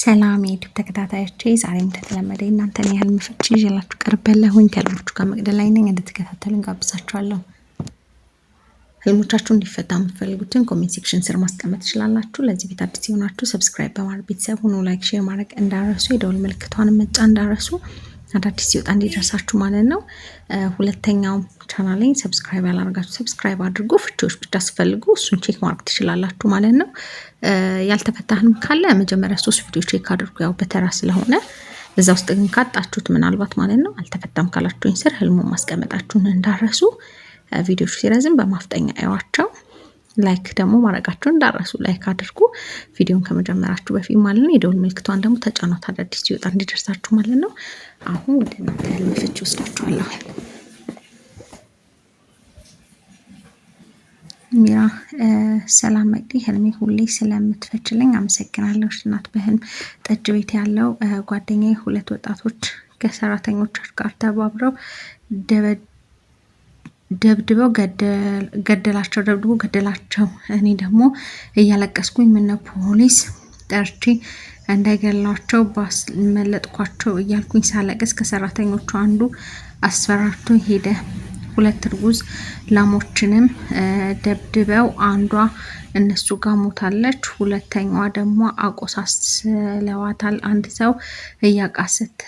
ሰላም የዩቱብ ተከታታዮቼ ዛሬ እንደተለመደ እናንተን የህልም ፍቺ ይዤላችሁ ቀርቤያለሁኝ። ከህልሞቹ ጋር መቅደል ላይ ነኝ። እንድትከታተሉኝ ጋብዛችኋለሁ። ህልሞቻችሁ እንዲፈታ የምትፈልጉትን ኮሜንት ሴክሽን ስር ማስቀመጥ ትችላላችሁ። ለዚህ ቤት አዲስ የሆናችሁ ሰብስክራይብ በማድረግ ቤተሰብ ሁኑ። ላይክ፣ ሼር ማድረግ እንዳረሱ፣ የደውል ምልክቷን መጫ እንዳረሱ አዳዲስ ሲወጣ እንዲደርሳችሁ ማለት ነው። ሁለተኛው ቻናሌን ሰብስክራይብ ያላረጋችሁ ሰብስክራይብ አድርጎ ፍቺዎች ብቻ ስፈልጉ እሱን ቼክ ማድረግ ትችላላችሁ ማለት ነው። ያልተፈታህንም ካለ መጀመሪያ ሶስት ቪዲዮ ቼክ አድርጉ፣ ያው በተራ ስለሆነ እዛ ውስጥ ግን ካጣችሁት ምናልባት ማለት ነው አልተፈታም ካላችሁኝ ስር ህልሙን ማስቀመጣችሁን እንዳረሱ ቪዲዮች ሲረዝም በማፍጠኛ እዩዋቸው። ላይክ ደግሞ ማድረጋችሁን እንዳረሱ ላይክ አድርጉ። ቪዲዮን ከመጀመራችሁ በፊት ማለት ነው። የደውል ምልክቷን ደግሞ ተጫኗት፣ አዳዲስ ሲወጣ እንዲደርሳችሁ ማለት ነው። አሁን ወደ እናንተ ህልም ፍቺ ወስዳችኋለሁ። ሚራ ሰላም መቅዲ፣ ህልሜ ሁሌ ስለምትፈችልኝ አመሰግናለሁ። እናት በህልም ጠጅ ቤት ያለው ጓደኛ ሁለት ወጣቶች ከሰራተኞች ጋር ተባብረው ደበድ ደብድበው ገደላቸው ደብድቦ ገደላቸው። እኔ ደግሞ እያለቀስኩኝ ምነ ፖሊስ ጠርቼ እንዳይገላቸው ባስመለጥኳቸው እያልኩኝ ሳለቅስ ከሰራተኞቹ አንዱ አስፈራርቶ ሄደ። ሁለት እርጉዝ ላሞችንም ደብድበው አንዷ እነሱ ጋር ሞታለች፣ ሁለተኛዋ ደግሞ አቆሳስለዋታል። አንድ ሰው እያቃሰት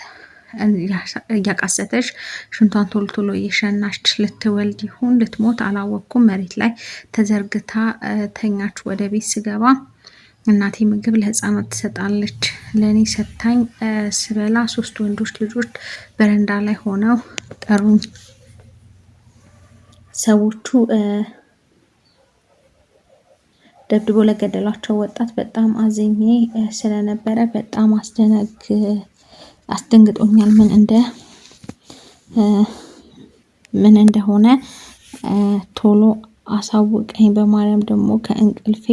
እያቃሰተሽ ሽንቷን ቶሎ ቶሎ እየሸናች ልትወልድ ይሁን ልትሞት አላወቅኩም። መሬት ላይ ተዘርግታ ተኛች። ወደ ቤት ስገባ እናቴ ምግብ ለህፃናት ትሰጣለች። ለእኔ ሰታኝ ስበላ ሶስት ወንዶች ልጆች በረንዳ ላይ ሆነው ጠሩኝ። ሰዎቹ ደብድቦ ለገደሏቸው ወጣት በጣም አዝኜ ስለነበረ በጣም አስደነግ አስደንግጦኛል። ምን እንደ ምን እንደሆነ ቶሎ አሳውቀኝ በማርያም ደግሞ ከእንቅልፌ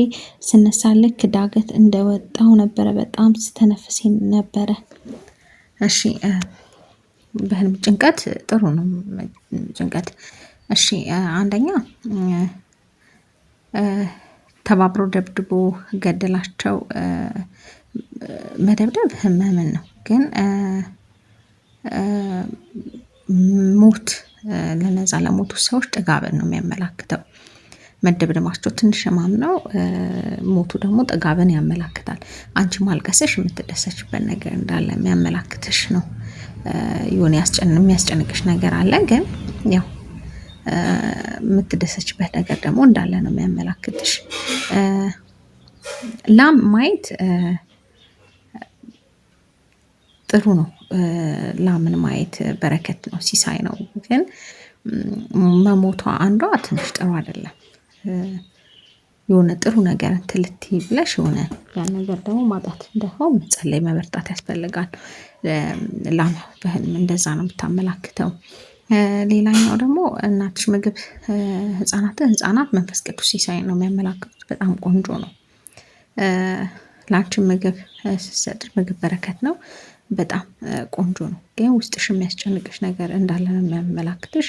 ስነሳ ልክ ዳገት እንደወጣው ነበረ። በጣም ስተነፍሴ ነበረ። እሺ በህልም ጭንቀት ጥሩ ነው። ጭንቀት እሺ፣ አንደኛ ተባብሮ ደብድቦ ገደላቸው። መደብደብ ህመምን ነው። ሞት ለነዛ ለሞቱ ሰዎች ጥጋብን ነው የሚያመላክተው። መደብ ትንሽ ሕማም ነው። ሞቱ ደግሞ ጥጋብን ያመላክታል። አንቺ ማልቀስሽ የምትደሰችበት ነገር እንዳለ የሚያመላክትሽ ነው። የሆነ የሚያስጨንቅሽ ነገር አለ፣ ግን ያው የምትደሰችበት ነገር ደግሞ እንዳለ ነው የሚያመላክትሽ። ላም ማየት ጥሩ ነው። ላምን ማየት በረከት ነው፣ ሲሳይ ነው። ግን መሞቷ አንዷ ትንሽ ጥሩ አይደለም። የሆነ ጥሩ ነገር ትልት ብለሽ የሆነ ያ ነገር ደግሞ ማጣት እንዳይሆን መጸለይ መበርታት ያስፈልጋል። ላም በህልም እንደዛ ነው የምታመላክተው። ሌላኛው ደግሞ እናትሽ ምግብ ህጻናትን ህጻናት መንፈስ ቅዱስ ሲሳይ ነው የሚያመላክቱት። በጣም ቆንጆ ነው። ላንችን ምግብ ስትሰጥሽ ምግብ በረከት ነው። በጣም ቆንጆ ነው። ግን ውስጥሽ የሚያስጨንቅሽ ነገር እንዳለ ነው የሚያመላክትሽ።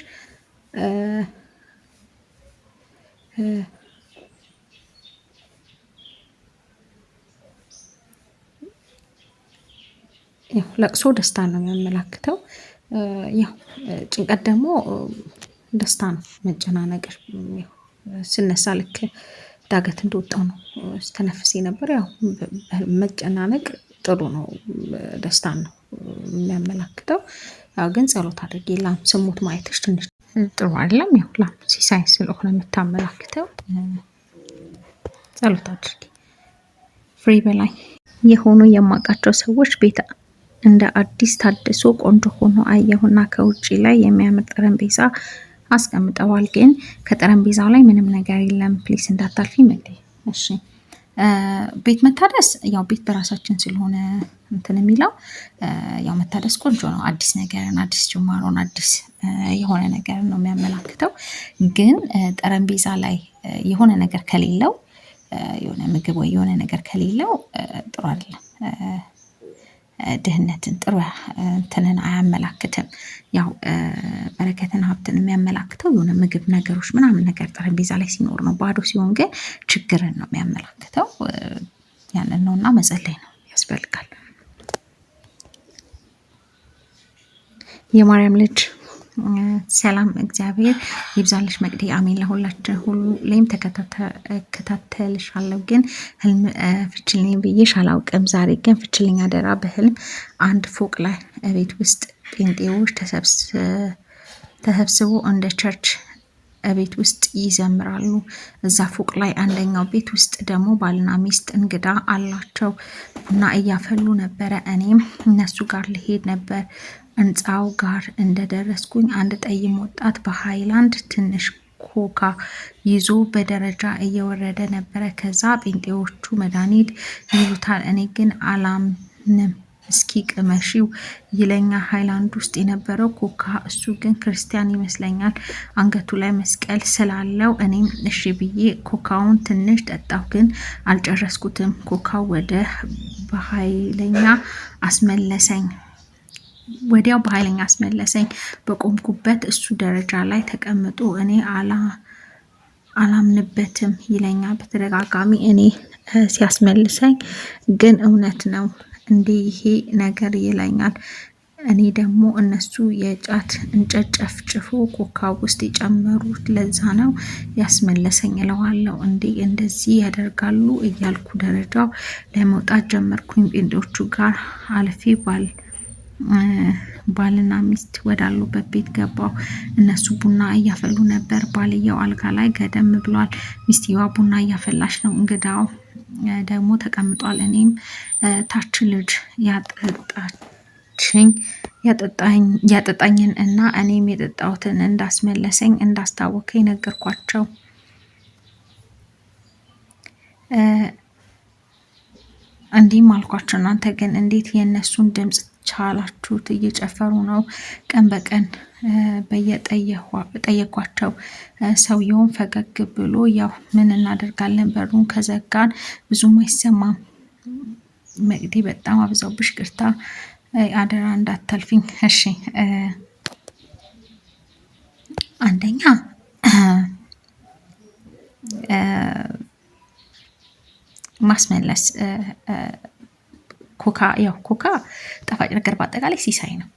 ለቅሶ ደስታ ነው የሚያመላክተው። ያው ጭንቀት ደግሞ ደስታ ነው መጨናነቅሽ። ስነሳ ልክ ዳገት እንደወጣው ነው ስተነፍሴ ነበር። ያው መጨናነቅ ጥሩ ነው፣ ደስታን ነው የሚያመላክተው። ያው ግን ጸሎት አድርጌ ላም ስሞት ማየትሽ ትንሽ ጥሩ አይደለም። ያው ላም ሲሳይ ስለሆነ የምታመላክተው ጸሎት አድርጌ ፍሬ በላይ የሆኑ የማውቃቸው ሰዎች ቤት እንደ አዲስ ታድሶ ቆንጆ ሆኖ አየሁና ከውጭ ላይ የሚያምር ጠረጴዛ አስቀምጠዋል። ግን ከጠረጴዛው ላይ ምንም ነገር የለም። ፕሊስ እንዳታልፊ መግዴ። እሺ ቤት መታደስ ያው ቤት በራሳችን ስለሆነ እንትን የሚለው ያው መታደስ ቆንጆ ነው። አዲስ ነገርን፣ አዲስ ጅማሮን፣ አዲስ የሆነ ነገር ነው የሚያመላክተው። ግን ጠረጴዛ ላይ የሆነ ነገር ከሌለው የሆነ ምግብ ወይ የሆነ ነገር ከሌለው ጥሩ አይደለም። ድህነትን ጥሩ እንትንን አያመላክትም። ያው በረከትን ሀብትን የሚያመላክተው የሆነ ምግብ ነገሮች ምናምን ነገር ጠረጴዛ ላይ ሲኖር ነው። ባዶ ሲሆን ግን ችግርን ነው የሚያመላክተው። ያንን ነው እና መጸለይ ነው ያስፈልጋል። የማርያም ልጅ ሰላም እግዚአብሔር ይብዛልሽ መቅዲ አሜን። ለሁላችን ሁሉ ላይም ተከታተልሻለሁ፣ ግን ህልም ፍችልኝ ብዬሽ አላውቅም። ዛሬ ግን ፍችልኝ አደራ። በህልም አንድ ፎቅ ላይ ቤት ውስጥ ጴንጤዎች ተሰብስቦ እንደ ቸርች ቤት ውስጥ ይዘምራሉ። እዛ ፎቅ ላይ አንደኛው ቤት ውስጥ ደግሞ ባልና ሚስት እንግዳ አላቸው እና እያፈሉ ነበረ። እኔም እነሱ ጋር ልሄድ ነበር ህንፃው ጋር እንደደረስኩኝ አንድ ጠይም ወጣት በሃይላንድ ትንሽ ኮካ ይዞ በደረጃ እየወረደ ነበረ። ከዛ ጴንጤዎቹ መድኃኒት ይሉታል፣ እኔ ግን አላምንም። እስኪ ቅመሺው ይለኛ ሃይላንድ ውስጥ የነበረው ኮካ እሱ ግን ክርስቲያን ይመስለኛል፣ አንገቱ ላይ መስቀል ስላለው። እኔም እሺ ብዬ ኮካውን ትንሽ ጠጣሁ፣ ግን አልጨረስኩትም። ኮካው ወደ በኃይለኛ አስመለሰኝ። ወዲያው በኃይለኛ አስመለሰኝ። በቆምኩበት እሱ ደረጃ ላይ ተቀምጦ እኔ አላ አላምንበትም ይለኛል በተደጋጋሚ እኔ ሲያስመልሰኝ ግን እውነት ነው እንዴ ይሄ ነገር ይለኛል። እኔ ደግሞ እነሱ የጫት እንጨት ጨፍጭፎ ኮካ ውስጥ የጨመሩት ለዛ ነው ያስመለሰኝ እለዋለሁ። እንዴ እንደዚህ ያደርጋሉ እያልኩ ደረጃው ለመውጣት ጀመርኩኝ። ጴንጤዎቹ ጋር አልፌ ባል ባልና ሚስት ወዳሉበት ቤት ገባው። እነሱ ቡና እያፈሉ ነበር። ባልየው አልጋ ላይ ገደም ብሏል። ሚስትየዋ ቡና እያፈላች ነው። እንግዳው ደግሞ ተቀምጧል። እኔም ታች ልጅ ያጠጣችኝ ያጠጣኝን እና እኔም የጠጣሁትን እንዳስመለሰኝ እንዳስታወከ ነገርኳቸው። እንዲህም አልኳቸው፣ እናንተ ግን እንዴት የእነሱን ድምፅ ቻላችሁት እየጨፈሩ ነው። ቀን በቀን በየጠየኳቸው ሰውየውን ፈገግ ብሎ ያው ምን እናደርጋለን በሩን ከዘጋን ብዙም አይሰማም። መቅዴ በጣም አብዛውብሽ፣ ቅርታ አደራ እንዳታልፊኝ እሺ። አንደኛ ማስመለስ ኮካ ያው ኮካ ጣፋጭ ነገር በአጠቃላይ ሲሳይ ነው።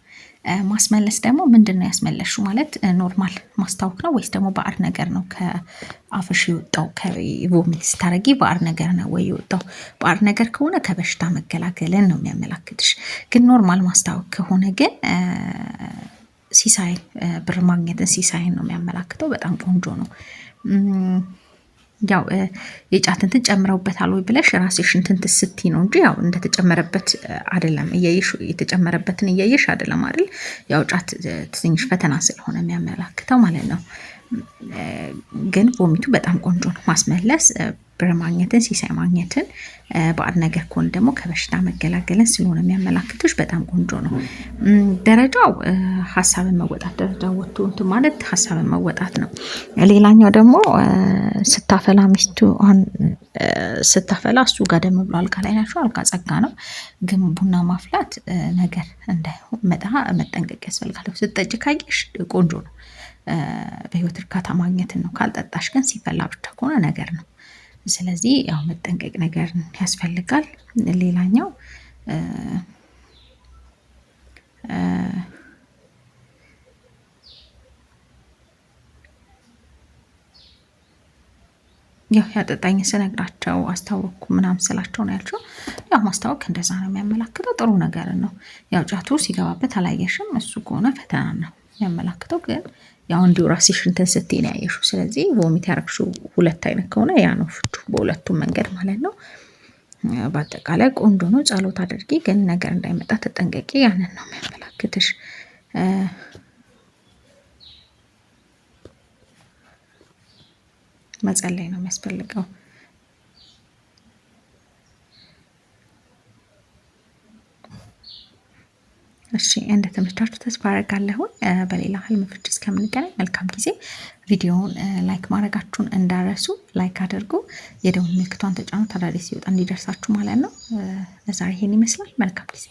ማስመለስ ደግሞ ምንድን ነው ያስመለሹ ማለት ኖርማል ማስታወክ ነው ወይስ ደግሞ ባዕድ ነገር ነው ከአፍሽ የወጣው? ከቮሚት ስታረጊ ባዕድ ነገር ነው ወይ የወጣው? ባዕድ ነገር ከሆነ ከበሽታ መገላገልን ነው የሚያመላክትሽ። ግን ኖርማል ማስታወክ ከሆነ ግን ሲሳይ ብር ማግኘትን ሲሳይን ነው የሚያመላክተው። በጣም ቆንጆ ነው። ያው የጫት እንትን ጨምረውበታል ወይ ብለሽ ራስሽ እንትን ትስቲ ነው እንጂ ያው እንደተጨመረበት አይደለም። እያየሽ የተጨመረበትን እያየሽ አይደለም አይደል? ያው ጫት ትንሽ ፈተና ስለሆነ የሚያመላክተው ማለት ነው። ግን ቮሚቱ በጣም ቆንጆ ነው ማስመለስ ብር ማግኘትን ሲሳይ ማግኘትን በአድ ነገር ከሆነ ደግሞ ከበሽታ መገላገልን ስለሆነ የሚያመላክቶች በጣም ቆንጆ ነው። ደረጃው ሀሳብን መወጣት ደረጃ ወጥቶ እንትን ማለት ሀሳብን መወጣት ነው። ሌላኛው ደግሞ ስታፈላ ሚስቱ ስታፈላ እሱ ጋር ደም ብሎ አልጋ ላይ ናቸው። አልጋ ጸጋ ነው፣ ግን ቡና ማፍላት ነገር እንዳይሆን መጠንቀቅ ያስፈልጋል። ስትጠጪ ካየሽ ቆንጆ ነው። በህይወት እርካታ ማግኘትን ነው። ካልጠጣሽ ግን ሲፈላ ብቻ ከሆነ ነገር ነው። ስለዚህ ያው መጠንቀቅ ነገር ያስፈልጋል። ሌላኛው ያው ያጠጣኝ ስነግራቸው አስታወቅኩ ምናምን ስላቸው ነው ያልችው። ያው ማስታወቅ እንደዛ ነው የሚያመላክተው፣ ጥሩ ነገር ነው። ያው ጫቱ ሲገባበት አላየሽም፣ እሱ ከሆነ ፈተና ነው። የሚያመላክተው ግን ያው እንዲሁ ራስሽ እንትን ስትይ ነው ያየሽው። ስለዚህ ቮሚት ያረግሽው ሁለት አይነት ከሆነ ያ ነው ፍቹ፣ በሁለቱም መንገድ ማለት ነው። በአጠቃላይ ቆንጆ ነው። ጸሎት አድርጊ፣ ግን ነገር እንዳይመጣ ተጠንቀቂ። ያንን ነው የሚያመላክትሽ። መጸለይ ነው የሚያስፈልገው። እሺ እንደተመቻችሁ ተስፋ አደርጋለሁ። በሌላ ህልም ፍቺ እስከምንገናኝ መልካም ጊዜ። ቪዲዮውን ላይክ ማድረጋችሁን እንዳረሱ፣ ላይክ አድርጉ። የደውል ምልክቷን ተጫኑ፣ ታዳሪ ሲወጣ እንዲደርሳችሁ ማለት ነው። ለዛሬ ይሄን ይመስላል። መልካም ጊዜ